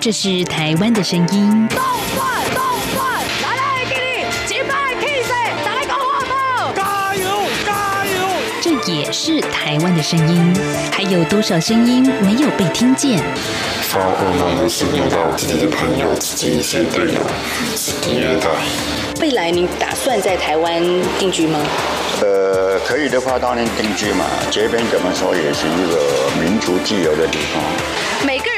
這是台灣的聲音。來來給你，來個加油加油！這也是台灣的聲音，還有多少聲音沒有被聽見？發自己的朋友、未來你打算在台灣定居嗎？呃，可以的話，當然定居嘛。這邊怎麼說，也是一個民主自由的地方。每個人。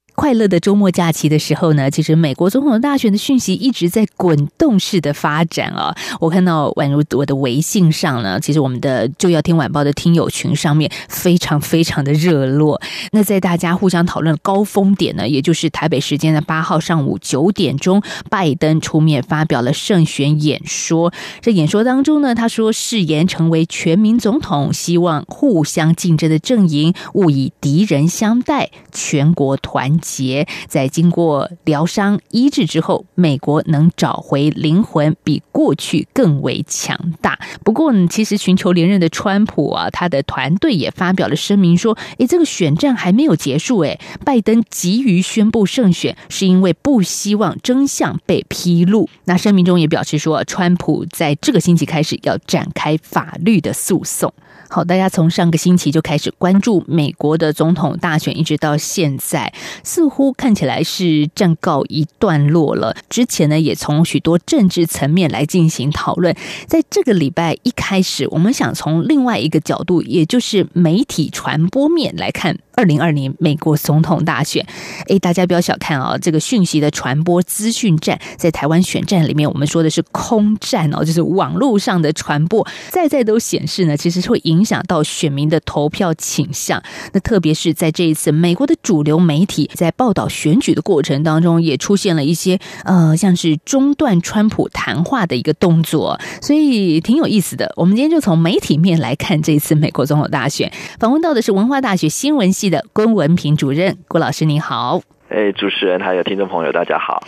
快樂的周末假期的時候呢，其實美國總統大選的訊息一直在滾動式的發展啊。我看到，宛如我的微信上呢，其實我們的就要聽晚報的聽友群上面非常非常的熱絡。那在大家互相討論高峰點呢，也就是台北時間的八號上午九點鐘，拜登出面發表了勝選演說。這演說當中呢，他說誓言成為全民總統，希望互相競爭的陣營勿以敵人相待，全國團結。在經過療傷醫治之後，美國能找回靈魂，比過去更為強大。不過呢，其實尋求連任的川普啊，他的團隊也發表了聲明說：“誒，這個選戰還沒有結束。誒，拜登急於宣布勝選，是因為不希望真相被披露。”那聲明中也表示說，川普在這個星期開始要展開法律的訴訟。好，大家從上個星期就開始關注美國的總統大選，一直到現在，似乎看起來是暫告一段落了。之前呢，也從許多政治層面來進行討論。在這個禮拜一開始，我們想從另外一個角度，也就是媒體傳播面來看。二零二零美國總統大選，欸、大家不要小看啊、哦，這個訊息的傳播，資訊戰在台灣選戰裡面，我們說的是空戰哦，就是網絡上的傳播，再再都顯示呢，其實會影響到選民的投票傾向。那特別是在這一次，美國的主流媒體在報道選舉的過程當中，也出現了一些呃，像是中斷川普談話的一個動作，所以挺有意思的。我們今天就從媒體面來看這一次美國總統大選，訪問到的是文化大學新聞系。的郭文平主任，郭老師您好。哎，hey, 主持人還有聽眾朋友，大家好。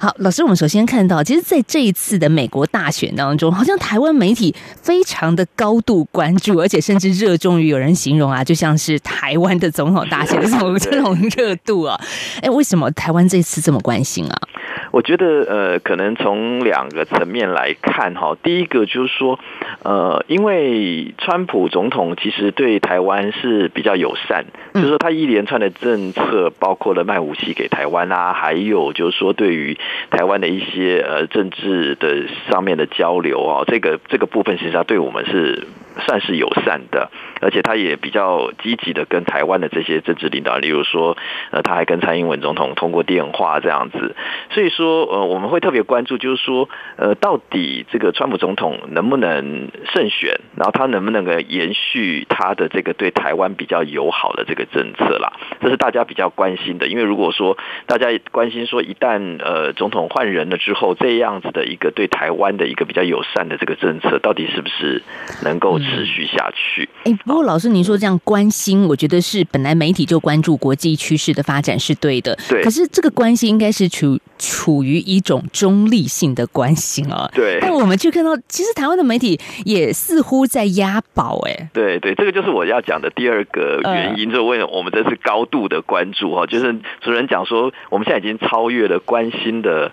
好，老師，我們首先看到，其實在這一次的美國大選當中，好像台灣媒體非常的高度關注， 而且甚至熱衷於，有人形容啊，就像是台灣的總統大選的這種熱 度啊。哎、欸，為什麼台灣這次這麼關心啊？我覺得呃，可能從兩個層面來看哈，第一個就是說，呃，因為川普總統其實對台灣是比較友善，就是說他一連串的政策，包括了賣武器給台灣啊，還有就是說對於台灣的一些呃政治的上面的交流啊，這個這個部分其實他對我們是算是友善的，而且他也比較積極的跟台灣的這些政治領導人，例如說呃，他還跟蔡英文總統通過電話這樣子，所以說說呃，我們會特別關注，就是說呃，到底這個川普總統能不能勝選，然後他能不能夠延續他的這個對台灣比較友好的這個政策啦？這是大家比較關心的，因為如果說大家關心說，一旦呃總統換人了之後，這樣子的一個對台灣的一個比較友善的這個政策，到底是不是能夠持續下去？嗯、哎，不過老師，您說這樣關心，嗯、我覺得是本來媒體就關注國際趨勢的發展是對的，對。可是這個關心應該是除除。屬於一種中立性的關心哦、啊，對。但我們去看到，其實台灣的媒體也似乎在押寶、欸，哎，對對，這個就是我要講的第二個原因。呃、就為了我們這次高度的關注哈，就是主持人講說，我們現在已經超越了關心的，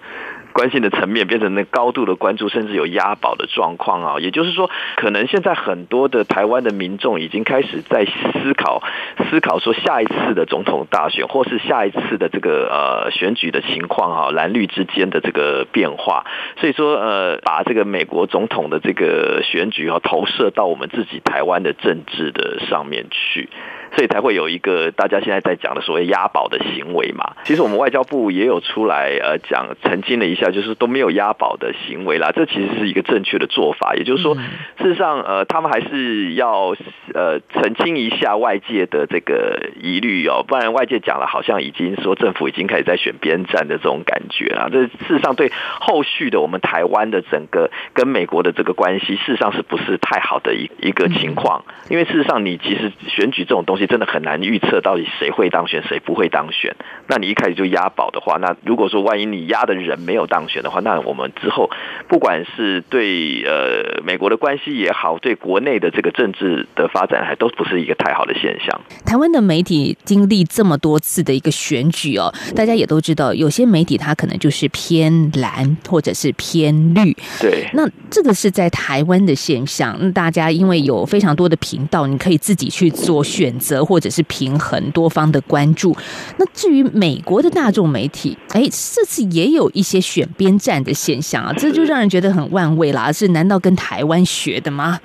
關心的層面變成那高度的關注，甚至有押寶的狀況啊！也就是說，可能現在很多的台灣的民眾已經開始在思考，思考說下一次的總統大選，或是下一次的這個呃選舉的情況啊，藍綠之間的這個變化。所以說呃，把這個美國總統的這個選舉啊，投射到我們自己台灣的政治的上面去。所以才會有一個大家現在在講的所謂押寶的行為嘛？其實我們外交部也有出來呃講澄清了一下，就是都沒有押寶的行為啦。這其實是一個正確的做法，也就是說，事實上呃他們還是要呃澄清一下外界的這個疑慮哦，不然外界講了好像已經說政府已經開始在選邊站的這種感覺啦。這事實上對後續的我們台灣的整個跟美國的這個關係，事實上是不是太好的一一個情況？因為事實上你其實選舉這種東西真的很難預測到底誰會當選，誰不會當選。那你一開始就押寶的話，那如果說萬一你押的人沒有當選的話，那我們之後不管是對呃美國的關係也好，對國內的這個政治的發展還都不是一個太好的現象。台灣的媒體經歷這麼多次的一個選舉哦，大家也都知道，有些媒體它可能就是偏藍或者是偏綠。對，那這個是在台灣的現象。那大家因為有非常多的頻道，你可以自己去做選擇。則或者是平衡多方的關注。那至於美國的大眾媒體，哎，這次也有一些選邊站的現象啊，這就讓人覺得很玩味啦。是難道跟台灣學的嗎？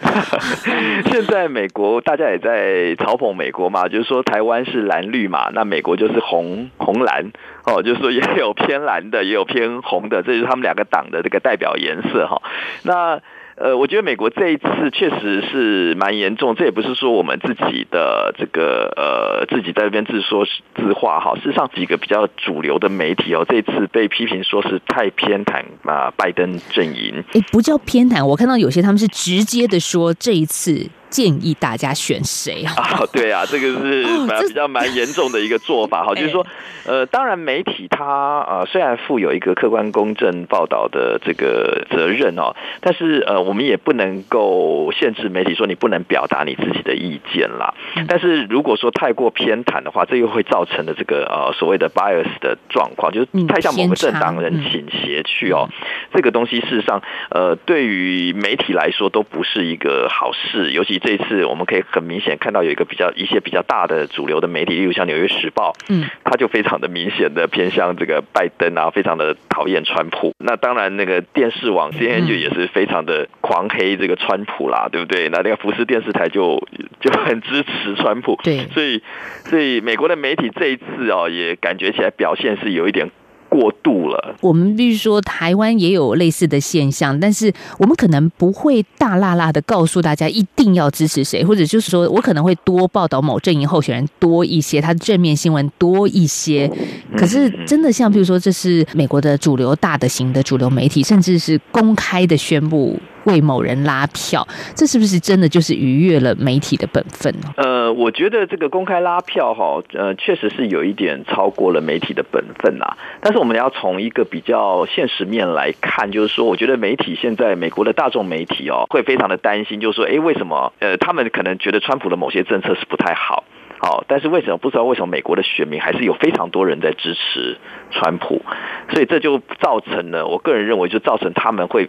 現在美國大家也在嘲諷美國嘛，就是說台灣是藍綠嘛，那美國就是紅紅藍哦，就是說也有偏藍的，也有偏紅的，這就是他們兩個黨的這個代表顏色哈、哦。那。呃，我覺得美國這一次確實是蠻嚴重，這也不是說我們自己的這個呃自己在那邊自說自話哈，事實上幾個比較主流的媒體哦，這一次被批評說是太偏袒啊拜登陣營。誒，不叫偏袒，我看到有些他們是直接的說這一次。建議大家選誰啊、哦？對啊，這個是比較蠻嚴重的一個做法哈，嗯、就是說，呃，當然媒體它呃雖然負有一個客觀公正報道的這個責任哦，但是呃我們也不能夠限制媒體說你不能表達你自己的意見啦。嗯、但是如果說太過偏袒的話，這又會造成了這個呃所謂的 bias 的狀況，就是太向某個政黨人傾斜去、嗯、哦，這個東西事實上呃對於媒體來說都不是一個好事，尤其。這一次，我們可以很明顯看到有一個比較一些比較大的主流的媒體，例如像《紐約時報》，嗯，它就非常的明顯的偏向這個拜登啊，非常的討厭川普。那當然，那個電視網 CNN 就也是非常的狂黑這個川普啦，嗯、對不對？那那個福斯電視台就就很支持川普，對，所以所以美國的媒體這一次啊、哦，也感覺起來表現是有一點。過度了。我們比如說，台灣也有類似的現象，但是我們可能不會大剌剌地告訴大家一定要支持誰，或者就是說我可能會多報道某陣營候選人多一些，他的正面新聞多一些。可是真的像譬如說，這是美國的主流大的型的主流媒體，甚至是公開的宣布為某人拉票，這是不是真的就是逾越了媒體的本分呢？呃我覺得這個公開拉票哈、哦，呃，確實是有一點超過了媒體的本分吶、啊。但是我們要從一個比較現實面來看，就是說，我覺得媒體現在美國的大眾媒體哦，會非常的擔心，就是說，哎、欸，為什麼？呃，他們可能覺得川普的某些政策是不太好，好、哦，但是為什麼不知道為什麼美國的選民還是有非常多人在支持川普？所以這就造成了，我個人認為就造成他們會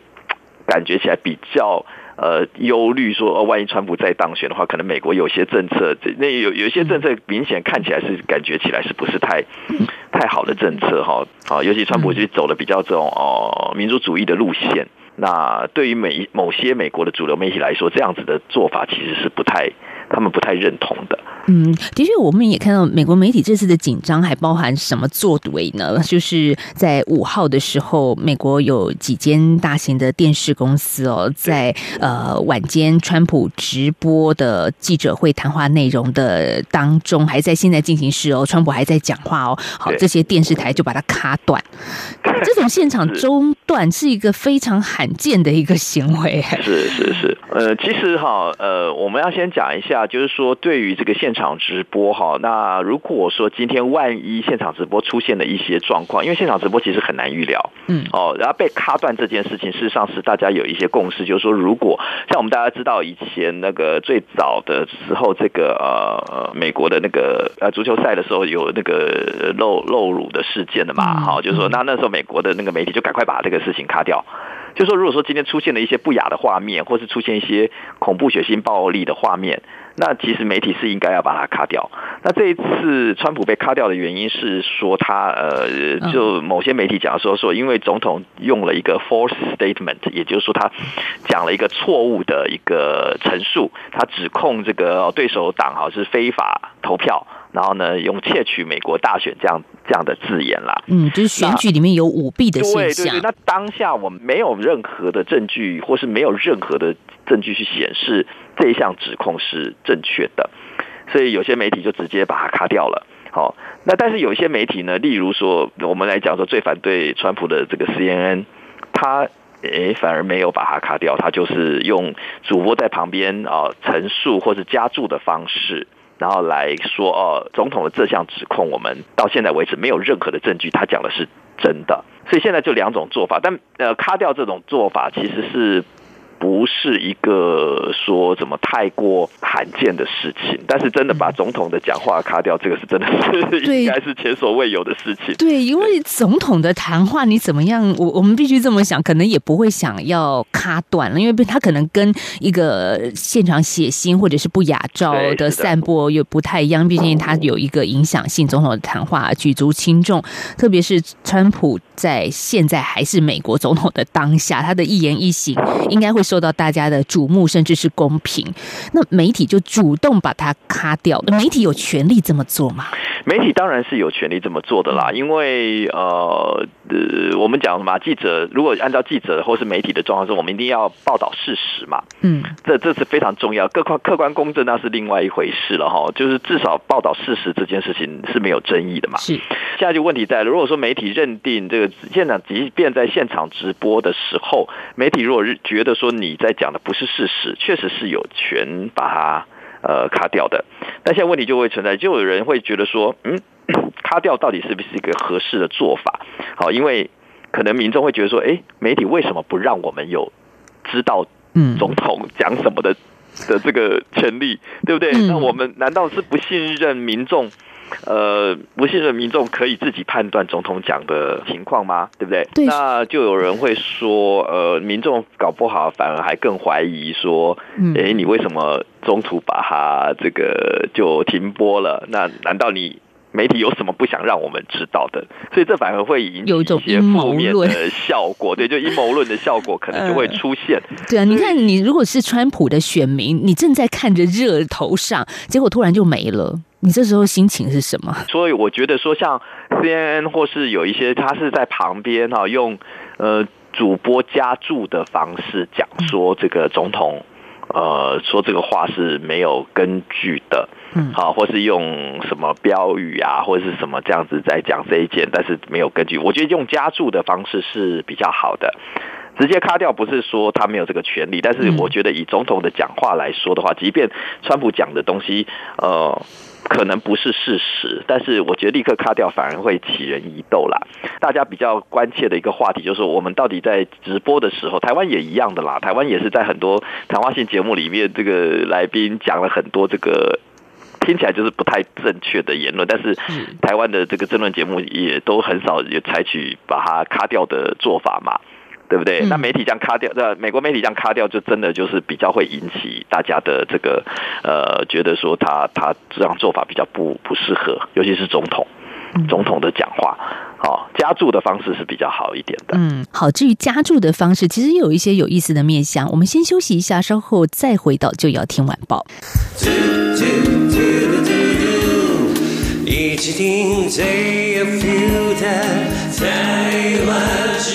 感覺起來比較。呃，憂慮說，呃，萬一川普再當選的話，可能美國有些政策，那有有些政策明顯看起來是感覺起來是不是太太好的政策哈？啊、哦，尤其川普就走的比較這種哦民族主義的路線，那對於美某些美國的主流媒體來說，這樣子的做法其實是不太。他們不太認同的。嗯，的確，我們也看到美國媒體這次的緊張還包含什麼作為呢？就是在五號的時候，美國有幾間大型的電視公司哦，在呃晚間川普直播的記者會談話內容的當中，還在現在進行時哦，川普還在講話哦。好，這些電視台就把它卡斷。對這種現場中斷是一個非常罕見的一個行為。是是是，呃，其實哈，呃，我們要先講一下。啊，就是說，對於這個現場直播哈，那如果說今天萬一現場直播出現了一些狀況，因為現場直播其實很難預料，嗯，哦，然後被卡斷這件事情，事實上是大家有一些共識，就是說，如果像我們大家知道以前那個最早的時候，這個呃美國的那個呃足球賽的時候有那個露露乳的事件的嘛，哈、嗯哦，就是說那那時候美國的那個媒體就趕快把這個事情卡掉，就說如果說今天出現了一些不雅的畫面，或是出現一些恐怖血腥暴力的畫面，那其實媒體是應該要把它卡掉。那這一次川普被卡掉的原因是說他呃，就某些媒體講說說，因為總統用了一個 false statement，也就是說他講了一個錯誤的一個陳述，他指控這個對手黨哈是非法投票。然後呢，用竊取美國大選這樣這樣的字眼啦。嗯，就是選舉裡面有舞弊的現象。啊、對對對，那當下我們沒有任何的證據，或是沒有任何的證據去顯示這一項指控是正確的，所以有些媒體就直接把它卡掉了。好、哦，那但是有一些媒體呢，例如說我們來講說最反對川普的這個 CNN，他誒反而沒有把它卡掉，他就是用主播在旁邊啊、呃、陳述或是加注的方式。然後來說，呃、哦，總統的這項指控，我們到現在為止沒有任何的證據，他講的是真的。所以現在就兩種做法，但呃，卡掉這種做法其實是。不是一個說什麼太過罕見的事情，但是真的把總統的講話卡掉，這個是真的是對應該是前所未有的事情。對，因為總統的談話你怎麼樣，我我們必須這麼想，可能也不會想要卡斷了，因為他可能跟一個現場血腥或者是不雅照的散播又不太一樣。畢竟他有一個影響性，總統的談話舉足輕重，特別是川普在現在還是美國總統的當下，他的一言一行應該會。受到大家的矚目，甚至是公平，那媒體就主動把它卡掉。媒體有權利這麼做嗎？媒體當然是有權利這麼做的啦，因為呃。呃，我們講什麼記者？如果按照記者或是媒體的狀況說，我們一定要報道事實嘛。嗯，這這是非常重要。客觀客觀公正那是另外一回事了哈、哦。就是至少報道事實這件事情是沒有爭議的嘛。是。現在就問題在，如果說媒體認定這個現場，即便在現場直播的時候，媒體如果是覺得說你在講的不是事實，確實是有權把它呃卡掉的。但現在問題就會存在，就有人會覺得說，嗯。 卡掉到底是不是一個合適的做法？好，因為可能民眾會覺得說，哎，媒體為什麼不讓我們有知道總統講什麼的、嗯、的這個權利，對不對？嗯、那我們難道是不信任民眾？呃，不信任民眾可以自己判斷總統講的情況嗎？對不對？對，那就有人會說，呃，民眾搞不好反而還更懷疑說，哎，嗯，你為什麼中途把它這個就停播了？那難道你？媒體有什麼不想讓我們知道的？所以這反而會引起一些負面的效果， 對，就陰謀論的效果可能就會出現。 呃、對啊，你看，你如果是川普的選民，你正在看着熱頭上，結果突然就沒了，你這時候心情是什麼？所以我覺得說，像 CNN 或是有一些他是在旁邊哈、哦，用呃主播加注的方式講說這個總統。呃，說這個話是沒有根據的，嗯，好、啊，或是用什麼標語啊，或者是什麼這樣子在講這一件，但是沒有根據，我覺得用加注的方式是比較好的。直接卡掉不是說他沒有這個權利，但是我覺得以總統的講話來說的話，即便川普講的東西，呃，可能不是事實，但是我覺得立刻卡掉反而會起人疑竇啦。大家比較關切的一個話題就是，我們到底在直播的時候，台灣也一樣的啦。台灣也是在很多談話性節目裡面，這個來賓講了很多這個聽起來就是不太正確的言論，但是台灣的這個爭論節目也都很少也採取把它卡掉的做法嘛，對不對？嗯、那媒體這樣卡掉，那美國媒體這樣卡掉，就真的就是比較會引起大家的這個呃，覺得說他他這樣做法比較不不適合，尤其是總統、嗯、總統的講話啊，哦、加注的方式是比較好一點的。嗯，好，至於加注的方式，其實有一些有意思的面向。我們先休息一下，稍後再回到《就要聽晚報》。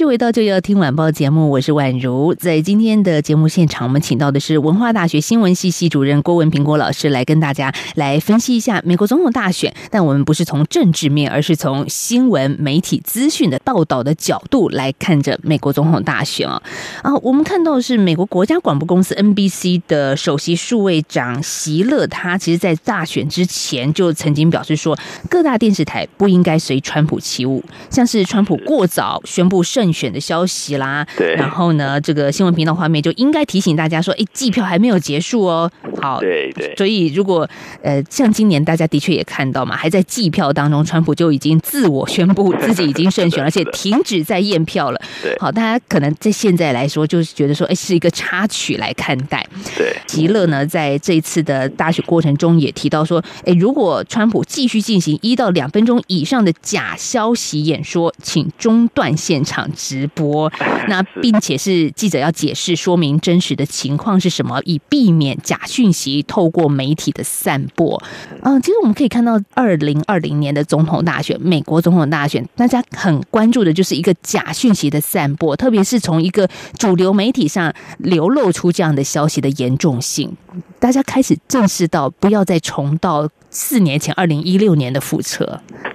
這回到就要聽晚報節目，我是婉如。在今天的節目現場，我們請到的是文化大學新聞系系主任郭文平郭老師，來跟大家來分析一下美國總統大選。但我們不是從政治面，而是從新聞媒體資訊的報道、道的角度來看着美國總統大選啊啊！我們看到的是美國國家廣播公司 NBC 的首席數位長席勒，他其實在大選之前就曾經表示說，各大電視台不應該隨川普起舞，像是川普過早宣布勝選的消息啦，對，然後呢，這個新聞頻道畫面就應該提醒大家說，哎，計票還沒有結束哦。好，對對，所以如果呃，像今年大家的確也看到嘛，還在計票當中，川普就已經自我宣布自己已經勝選了， 的而且停止在驗票了。對，好，大家可能在現在來說就是覺得說，哎、欸，是一個插曲來看待。對，吉樂呢在這一次的大選過程中也提到說，哎、欸，如果川普繼續進行一到兩分鐘以上的假消息演說，請中斷現場直播，那並且是記者要解釋說明真實的情況是什麼，以避免假訊。信息透過媒體的散播，嗯，其實我們可以看到，二零二零年的總統大選，美國總統大選，大家很關注的就是一個假訊息的散播，特別是從一個主流媒體上流露出這樣的消息的嚴重性，大家開始正視到不要再重蹈四年前二零一六年的覆轍。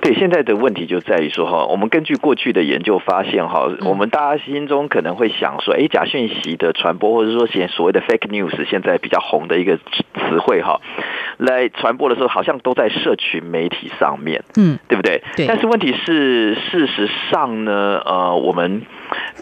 對，現在的問題就在於說哈，我們根據過去的研究發現哈，我們大家心中可能會想說，哎、欸，假訊息的傳播，或者說些所謂的 fake news，現在比較紅的一個詞彙哈，來傳播的時候好像都在社群媒體上面，嗯，對不對？嗯、對。但是問題是，事實上呢，呃，我們，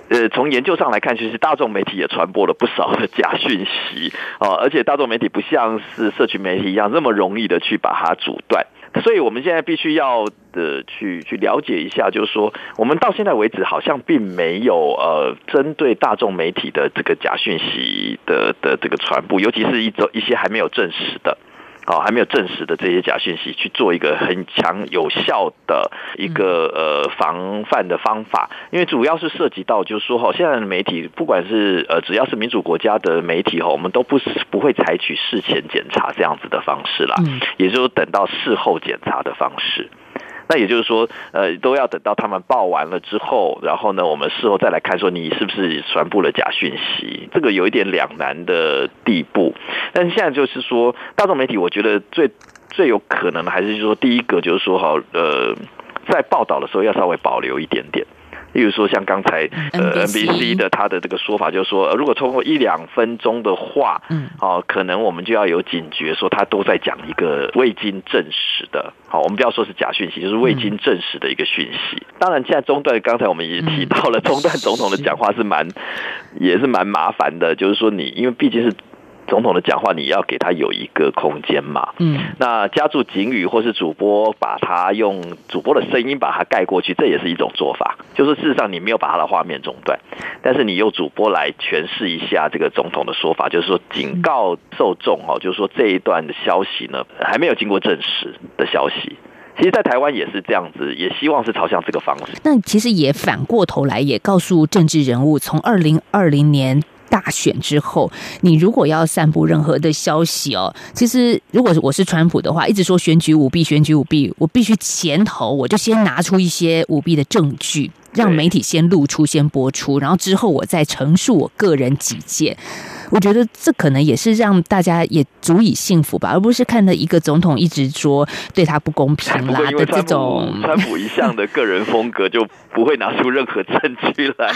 呃，從研究上來看，其實大眾媒體也傳播了不少的假訊息啊、呃，而且大眾媒體不像是社群媒體一樣那麼容易的去把它阻斷。所以我們現在必須要的去去了解一下，就是說，我們到現在為止好像並沒有呃，針對大眾媒體的這個假訊息的的這個傳播，尤其是一些一些還沒有證實的。哦，還沒有證實的這些假訊息，去做一個很強有效的一個呃防範的方法，因為主要是涉及到，就是說哈，現在的媒體，不管是呃只要是民主國家的媒體哈，我們都不是不會採取事前檢查這樣子的方式啦，嗯，也就是等到事後檢查的方式。那也就是說，呃，都要等到他們報完了之後，然後呢，我們事後再來看，說你是不是傳播了假訊息，這個有一點兩難的地步。但現在就是說，大眾媒體，我覺得最最有可能的還是就是說，第一個就是說，好，呃，在報道的時候要稍微保留一點點。例如說，像剛才呃 N B C 的他的這個說法，就是說，如果超過一兩分鐘的話，嗯，好可能我們就要有警覺，說他都在講一個未經證實的，好，我們不要說是假訊息，就是未經證實的一個訊息。當然，現在中斷，剛才我們已經提到了中斷總統的講話是蠻，也是蠻麻煩的，就是說你，因為畢竟是。總統的講話，你要給他有一個空間嘛。嗯，那加注警語或是主播把他用主播的聲音把它蓋過去，這也是一種做法。就是事實上你沒有把他的畫面中斷，但是你用主播來詮釋一下這個總統的說法，就是說警告受眾哦，嗯，就是說這一段的消息呢，還沒有經過證實的消息。其實，在台灣也是這樣子，也希望是朝向這個方式。那其實也反過頭來，也告訴政治人物，從二零二零年，大選之後，你如果要散布任何的消息哦，其實如果我是川普的話，一直說選舉舞弊、選舉舞弊，我必須前頭我就先拿出一些舞弊的證據，讓媒體先露出、先播出，然後之後我再陳述我個人己見。我覺得這可能也是讓大家也足以信服吧，而不是看到一個總統一直說對他不公平啦的這種，川普， 川普一向的個人風格就不會拿出任何證據來，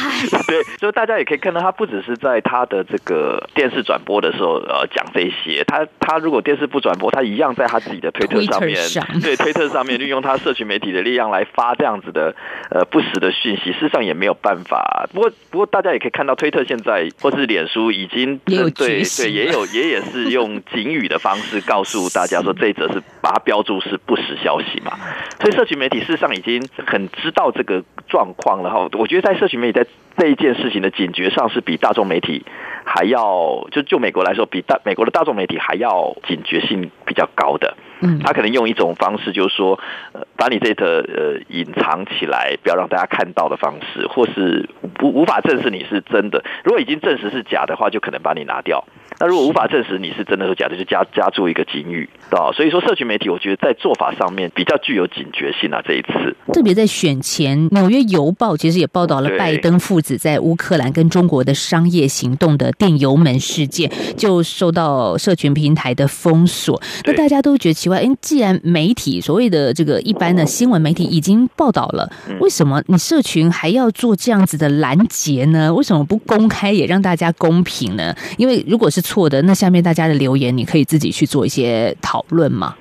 對，所以大家也可以看到，他不只是在他的這個電視轉播的時候呃講這些，他他如果電視不轉播，他一樣在他自己的推特上面，上對，推特上面利用他社群媒體的力量來發這樣子的呃不實的訊息，事實上也沒有辦法。不過不過大家也可以看到，推特現在或是臉書已經。對對，也有也也是用警語的方式告訴大家說，這一則是把它標註是不實消息嘛。所以，社群媒體事實上已經很知道這個狀況了哈。我覺得在社群媒體在這一件事情的警覺上，是比大眾媒體還要，就就美國來說，比大美國的大眾媒體還要警覺性比較高的。嗯，他可能用一種方式，就是說，呃，把你這個呃隱藏起來，不要讓大家看到的方式，或是不無法證實你是真的。如果已經證實是假的話，就可能把你拿掉。那如果無法證實你是真的或假的，就加加注一個警語，哦。所以說，社群媒體我覺得在做法上面比較具有警覺性啊。這一次特別在選前，紐約郵報其實也報道了拜登父子在烏克蘭跟中國的商業行動的電郵門事件，就受到社群平台的封鎖。那對大家都覺得奇怪，因、欸、既然媒體所謂的這個一般的新聞媒體已經報道了，嗯、為什麼你社群還要做這樣子的攔截呢？為什麼不公開也讓大家公平呢？因為如果是。錯的，那下面大家的留言你可以自己去做一些討論嗎？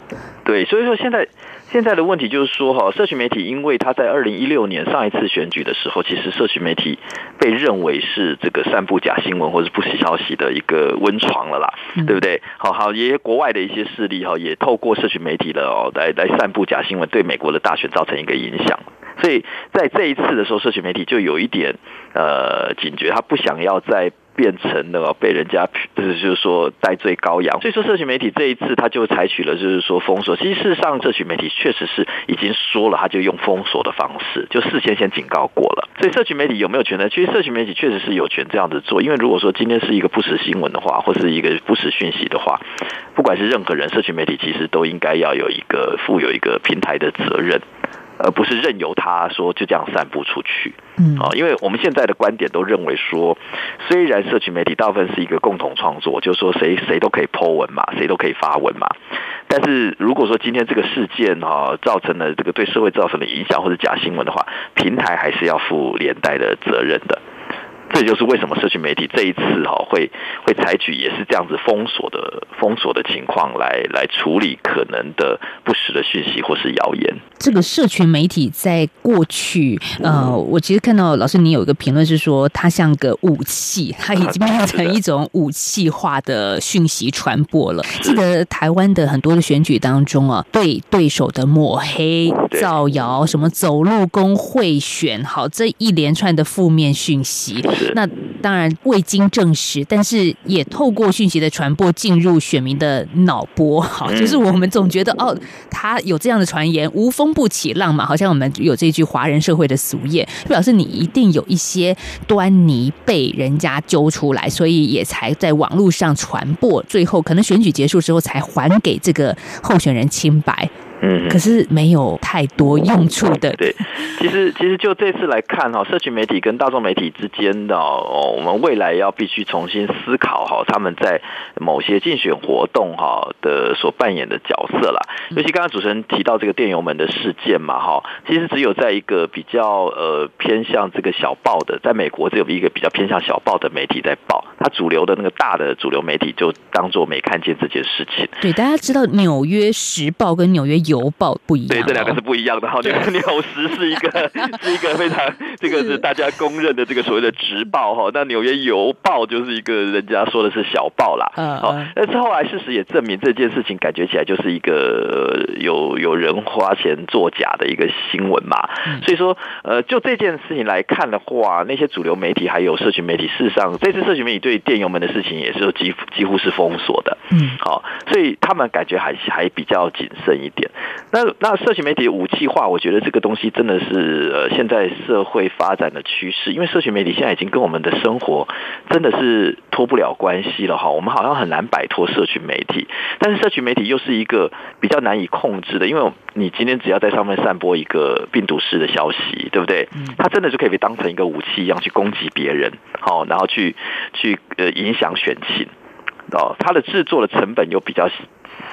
對，所以說現在現在的問題就是說哈，社群媒體因為他在二零一六年上一次選舉的時候，其實社群媒體被認為是這個散布假新聞或者不實消息的一個溫床了啦，嗯、對不對？好好，也國外的一些勢力哈，也透過社群媒體了哦，來來散布假新聞，對美國的大選造成一個影響。所以在這一次的時候，社群媒體就有一點呃警覺，他不想要再。變成了被人家就是說代罪羔羊，所以說社群媒體這一次他就採取了就是說封鎖。其實事實上，社群媒體確實是已經說了，他就用封鎖的方式，就事先先警告過了。所以社群媒體有沒有權呢？其實社群媒體確實是有權這樣子做，因為如果說今天是一個不實新聞的話，或是一個不實訊息的話，不管是任何人，社群媒體其實都應該要有一個負有一個平台的責任。而不是任由他說就這樣散布出去，啊，因為我們現在的觀點都認為說，雖然社群媒體大部分是一個共同創作，就是說誰誰都可以 po 文嘛，誰都可以發文嘛，但是如果說今天這個事件哈，啊，造成了這個對社會造成的影響或者假新聞的話，平台還是要負連帶的責任的。這就是為什麼社群媒體這一次哈會會採取也是這樣子封鎖的封鎖的情況來來處理可能的不實的訊息或是謠言。這個社群媒體在過去呃，我其實看到老師你有一個評論是說、嗯、它像個武器，它已經變成一種武器化的訊息傳播了。是記得台灣的很多的選舉當中啊，對對手的抹黑、造謠、對什麼走路工會選好，這一連串的負面訊息。那當然未經證實，但是也透過訊息的傳播進入選民的腦波。好，就是我們總覺得哦，他有這樣的傳言，無風不起浪嘛，好像我們有這句華人社會的俗諺，表示你一定有一些端倪被人家揪出來，所以也才在網絡上傳播，最後可能選舉結束之後才還給這個候選人清白。嗯，可是沒有太多用處的，嗯。對，其實其實就這次來看哈，社群媒體跟大眾媒體之間的，我們未來要必須重新思考哈，他們在某些競選活動哈的所扮演的角色啦。尤其剛剛主持人提到這個電郵門的事件嘛哈，其實只有在一個比較呃偏向這個小報的，在美國只有一個比較偏向小報的媒體在報，它主流的那個大的主流媒體就當做沒看見這件事情。對，大家知道《紐約時報》跟《紐約》。郵報不一樣，對，這兩個是不一樣的哈對。紐約紐約時報是一個 是一個非常這個是大家公認的這個所謂的直報哈。那紐約郵報就是一個人家說的是小報啦。好、呃，但是後來事實也證明這件事情，感覺起來就是一個有有人花錢作假的一個新聞嘛。嗯、所以說，呃，就這件事情來看的話，那些主流媒體還有社群媒體，事實上這次社群媒體對電郵門的事情也是幾幾乎是封鎖的。嗯，好、哦，所以他們感覺還還比較謹慎一點。那那社群媒體武器化，我覺得這個東西真的是呃，現在社會發展的趨勢，因為社群媒體現在已經跟我們的生活真的是脫不了關係了哈。我們好像很難擺脫社群媒體，但是社群媒體又是一個比較難以控制的，因為你今天只要在上面散播一個病毒式的消息，對不對？嗯，它真的就可以被當成一個武器一樣去攻擊別人，好，然後去去呃影響選情哦。它的制作的成本又比較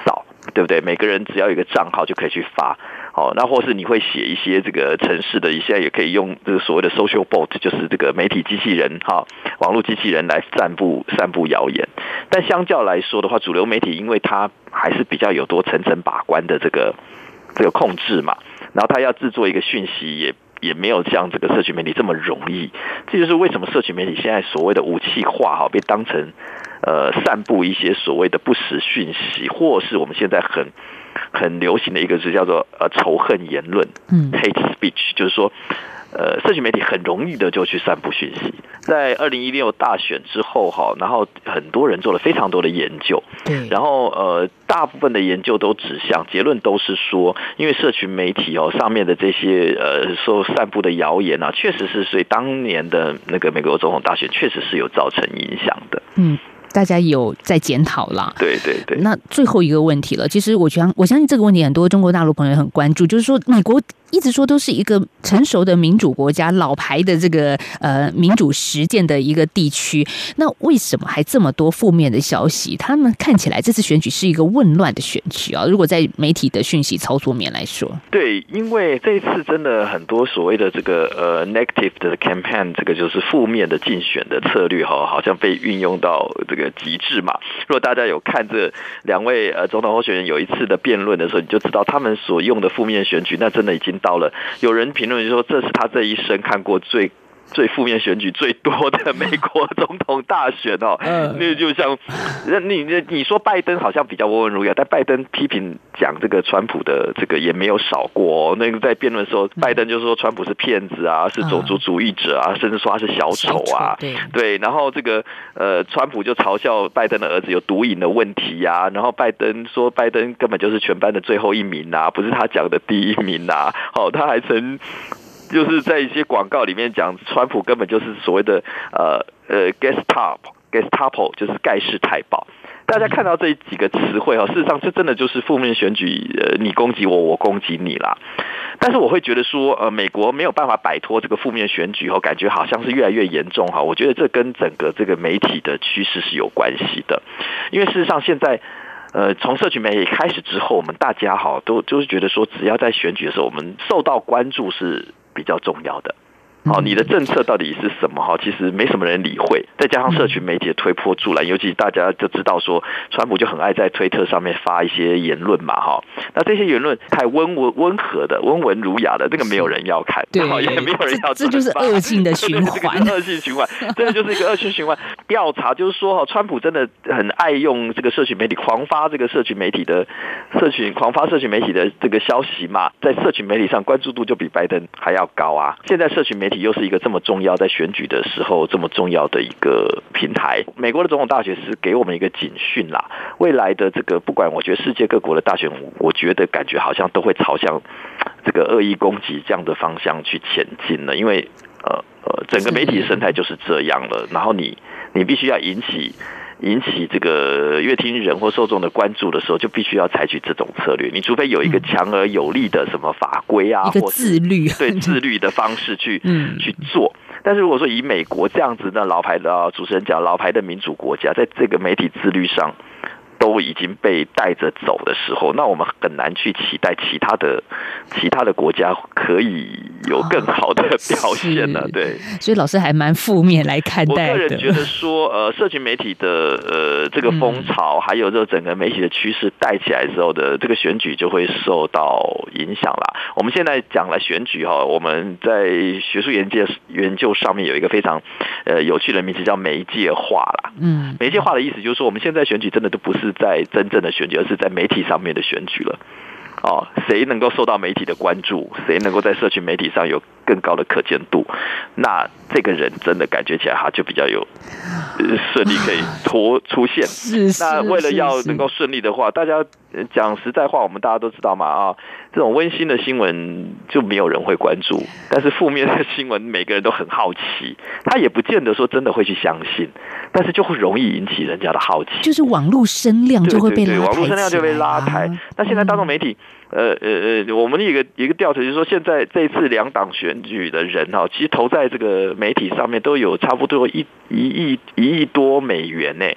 少。對不對？每個人只要有一個賬號就可以去發，好、哦，那或是你會寫一些這個程式的，現在也可以用這個所謂的 social bot，就是這個媒體機器人哈、哦，網絡機器人來散布散布謠言。但相較來說的話，主流媒體因為它還是比較有多層層把關的這個這個控制嘛，然後它要製作一個訊息也。也沒有像這個社群媒體這麼容易。這就是為什麼社群媒體現在所謂的武器化哈，被當成呃散布，一些所謂的不實訊息，或是我們現在很很流行的一個詞叫做呃仇恨言論，嗯，hate speech，就是說。呃，社群媒體很容易的就去散布訊息。在二零一六大選之後，哈，然後很多人做了非常多的研究，對，然後呃，大部分的研究都指向結論都是說，因為社群媒體哦上面的這些呃，所散布的謠言啊，確實是對當年的那個美國總統大選確實是有造成影響的。嗯，大家有在檢討了。對對對。對對那最後一個問題了，其實我想我相信這個問題很多中國大陸朋友很關注，就是說美國。一直說都是一個成熟的民主國家、老牌的這個呃民主實踐的一個地區，那為什麼還這麼多負面的消息？他們看起來這次選舉是一個混亂的選舉啊！如果在媒體的訊息操作面來說，對，因為這一次真的很多所謂的這個呃 negative 的 campaign，這個就是負面的競選的策略哈、哦，好像被運用到這個極致嘛。如果大家有看這兩位呃總統候選人有一次的辯論的時候，你就知道他們所用的負面選舉，那真的已經。到了，有人評論就說，這是他這一生看過最最負面選舉最多的美國總統大選哦，uh, 那就像，那你、那，你說拜登好像比較溫文儒雅，但拜登批評講這個川普的這個也沒有少過、哦。那個在辯論的時候，拜登就說川普是騙子啊，是種族主義者啊，uh, 甚至說他是小丑啊。丑，對，對，然後這個呃，川普就嘲笑拜登的兒子有毒癮的問題呀、啊。然後拜登說拜登根本就是全班的最後一名吶、啊，不是他講的第一名吶、啊。好、哦，他還曾。就是在一些廣告裡面講，川普根本就是所謂的呃呃 Gestapo，Gestapo 就是蓋世太保。大家看到這幾個詞彙哈，事實上這真的就是負面選舉，呃，你攻擊我，我攻擊你啦。但是我會覺得說，呃，美國沒有辦法擺脫這個負面選舉，哦，感覺好像是越來越嚴重哈。我覺得這跟整個這個媒體的趨勢是有關係的，因為事實上現在，呃，從社群媒體開始之後，我們大家哈都就是覺得說，只要在選舉的時候，我們受到關注是。比較重要的。哦，你的政策到底是什麼？哈，其實沒什麼人理會。再加上社群媒體的推波助瀾，尤其大家就知道說，川普就很愛在推特上面發一些言論嘛，哈。那這些言論太溫文溫和的、溫文儒雅的，這個沒有人要看，對，也沒有人要轉發。這就是惡性的循環，這個惡性循環，這個就是一個惡性循環。調 查就是說，哈，川普真的很愛用這個社群媒體狂發這個社群媒體的社群狂發社群媒體的這個消息嘛，在社群媒體上關注度就比拜登還要高啊。現在社群媒體。又是一個這麼重要，在選舉的時候這麼重要的一個平台。美國的總統大選是給我們一個警訊啦。未來的這個，不管我覺得世界各國的大選，我覺得感覺好像都會朝向這個惡意攻擊這樣的方向去前進了，因為呃呃，整個媒體生態就是這樣了。然後你你必須要引起。引起這個閱聽人或受眾的關注的時候，就必須要採取這種策略。你除非有一個強而有力的什麼法規啊，或自律對自律的方式去去做。但是如果說以美國這樣子的老牌的、啊、主持人講，老牌的民主國家在這個媒體自律上都已經被帶着走的時候，那我們很難去期待其他的。其他的國家可以有更好的表現了。哦，對，所以老師還蠻負面來看待。我個人覺得說，呃，社群媒體的呃，這個風潮，嗯、還有這個整個媒體的趨勢帶起來之後的這個選舉，就會受到影響了。我們現在講了選舉哈，我們在學術研究研究上面有一個非常呃有趣的名詞叫媒介化啦，嗯，媒介化的意思就是說，我們現在選舉真的都不是在真正的選舉，而是在媒體上面的選舉了。哦，誰能夠受到媒體的關注，誰能夠在社群媒體上有更高的可見度，那這個人真的感覺起來哈，就比較有順利可以脫出現。啊、那為了要能夠順利的話，大家講實在話，我們大家都知道嘛啊。這種溫馨的新聞就沒有人會關注，但是負面的新聞每個人都很好奇，他也不見得說真的會去相信，但是就會容易引起人家的好奇，就是網絡聲量量就會被拉抬，網絡聲量就被拉抬。那現在大眾媒體，呃呃呃，我們一個一個調查就是說，現在這次兩黨選舉的人哈，其實投在這個媒體上面都有差不多一一億一億多美元呢、欸，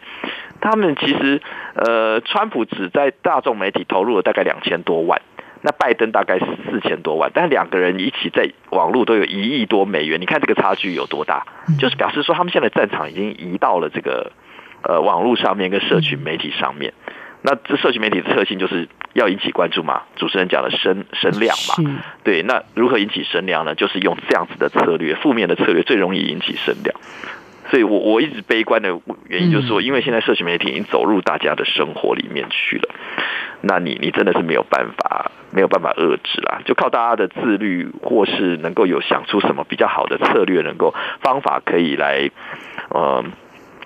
他們其實呃，川普只在大眾媒體投入了大概兩千多萬。那拜登大概四千多萬，但是兩個人一起在網絡都有一億多美元，你看這個差距有多大？就是表示說他們現在戰場已經移到了這個呃網絡上面跟社群媒體上面。那這社群媒體的特性就是要引起關注嘛？主持人講的聲聲量嘛？是對，那如何引起聲量呢？就是用這樣子的策略，負面的策略最容易引起聲量。所以我，我我一直悲觀的原因就是說，因為現在社群媒體已經走入大家的生活裡面去了，那你你真的是沒有辦法，沒有辦法遏制啦，就靠大家的自律，或是能夠有想出什麼比較好的策略，能夠方法可以來，嗯、呃。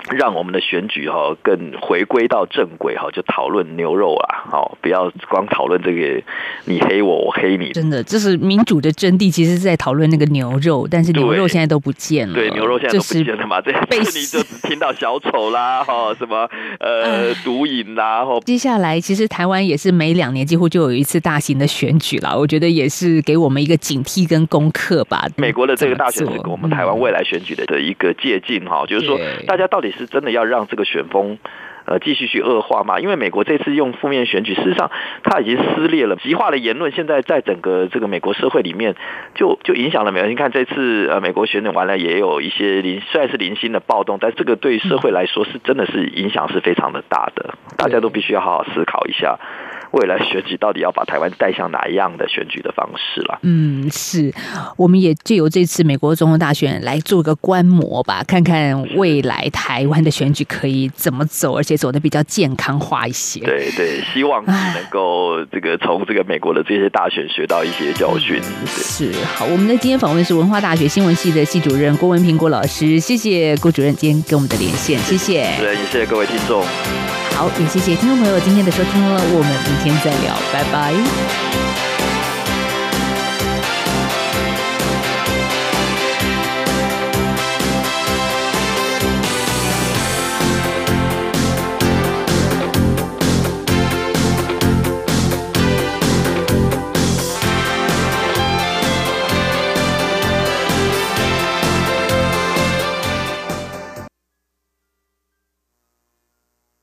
讓我們的選舉哈更回歸到正軌哈，就討論牛肉啊，好，不要光討論這個你黑我，我黑你。真的，這是民主的真諦，其實是在討論那個牛肉，但是牛肉現在都不見了。對，對，牛肉現在都不見了嘛？就是、這被你就聽到小丑啦，哈被，什麼呃 毒癮啦，接下來，其實台灣也是每兩年幾乎就有一次大型的選舉了，我覺得也是給我們一個警惕跟功課吧。嗯、美國的這個大選是給我們台灣未來選舉的的一個借鑒哈，嗯、就是說大家到底。是真的要讓這個選風，呃，繼續去惡化嗎？因為美國這次用負面選舉，事實上它已經撕裂了、極化的言論，現在在整個這個美國社會裡面就，就就影響了美國。你看這次呃，美國選舉完了，也有一些零，雖然是零星的暴動，但這個對社會來說，是真的是影響是非常的大的，大家都必須要好好思考一下。未來選舉到底要把台灣帶向哪一樣的選舉的方式了？嗯，是我們也借由這次美國總統大選來做個觀摩吧，看看未來台灣的選舉可以怎麼走，而且走得比較健康化一些。對對，希望你能夠這個從這個美國的這些大選學到一些教訓。是好，我們的今天訪問是文化大學新聞系的系主任郭文平郭老師，謝謝郭主任今天跟我們的連線，謝謝，也謝謝各位聽眾。好，也謝謝聽眾朋友今天的收聽了，我們明天再聊，拜拜。